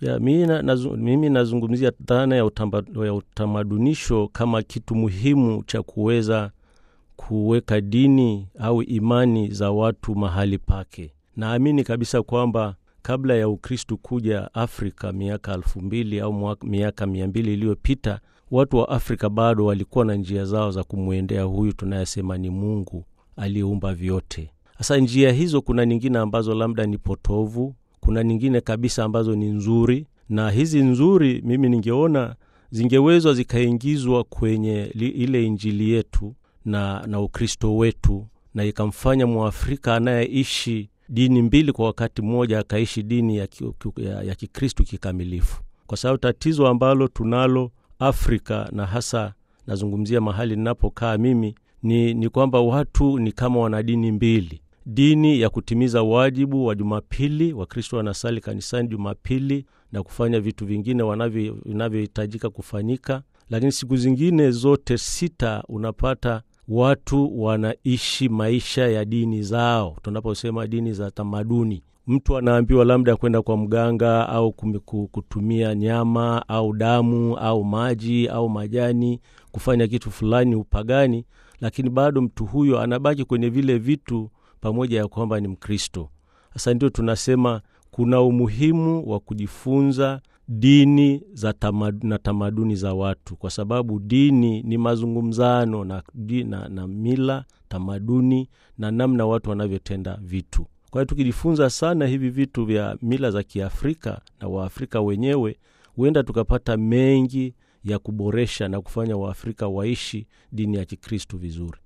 ya, mimi, na, mimi nazungumzia dhana ya, utamba, ya utamadunisho kama kitu muhimu cha kuweza kuweka dini au imani za watu mahali pake naamini kabisa kwamba kabla ya ukristu kuja afrika miaka elfu mbili au miaka mia mbili iliyopita watu wa afrika bado walikuwa na njia zao za kumwendea huyu tunayesema ni mungu aliyeumba vyote sasa njia hizo kuna nyingine ambazo labda ni potovu kuna nyingine kabisa ambazo ni nzuri na hizi nzuri mimi ningeona zingewezwa zikaingizwa kwenye li, ile injili yetu na, na ukristo wetu na ikamfanya mwafrika anayeishi dini mbili kwa wakati mmoja akaishi dini ya, ki, ya, ya kikristu kikamilifu kwa sababu tatizo ambalo tunalo afrika na hasa nazungumzia mahali ninapokaa mimi ni, ni kwamba watu ni kama wana dini mbili dini ya kutimiza wajibu wa Jumapili. Wakristo wanasali kanisani Jumapili na kufanya vitu vingine vinavyohitajika kufanyika, lakini siku zingine zote sita unapata watu wanaishi maisha ya dini zao, tunaposema dini za tamaduni. Mtu anaambiwa labda kwenda kwa mganga au kumiku, kutumia nyama au damu au maji au majani kufanya kitu fulani upagani, lakini bado mtu huyo anabaki kwenye vile vitu pamoja ya kwamba ni Mkristo. Sasa ndio tunasema kuna umuhimu wa kujifunza dini za na tamaduni za watu, kwa sababu dini ni mazungumzano na, na, na mila tamaduni na namna watu wanavyotenda vitu. Kwa hiyo tukijifunza sana hivi vitu vya mila za Kiafrika na Waafrika wenyewe, huenda tukapata mengi ya kuboresha na kufanya Waafrika waishi dini ya Kikristu vizuri.